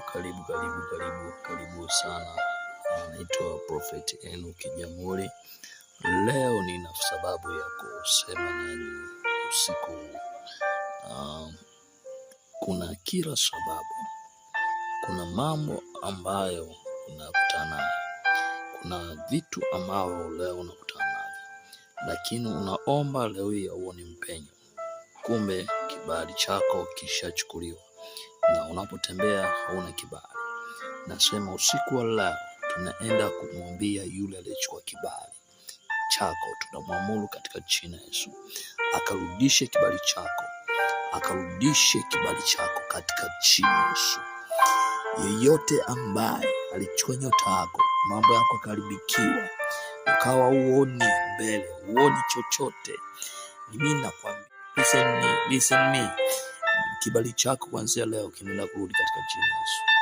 karibu karibu karibu karibu sana. Naitwa Prophet Enock Jamhuri. Leo nina sababu ya kusema nanyi usiku huu. Uh, ah, kuna kila sababu, kuna mambo ambayo unakutana kuna vitu ambavyo leo unakutana navyo, lakini unaomba leo hii auoni mpenyo, kumbe kibali chako kishachukuliwa na unapotembea hauna kibali. Nasema usiku wa leo tunaenda kumwambia yule aliyechukua kibali chako, tunamwamuru katika jina Yesu akarudishe kibali chako, akarudishe kibali chako katika jina Yesu. Yeyote ambaye alichukua nyota yako, mambo yako akaribikiwa, ukawa uoni mbele, uoni chochote, mimi nakwambia, listen me, listen me Kibali chako kuanzia leo kinaenda kurudi katika jina la Yesu.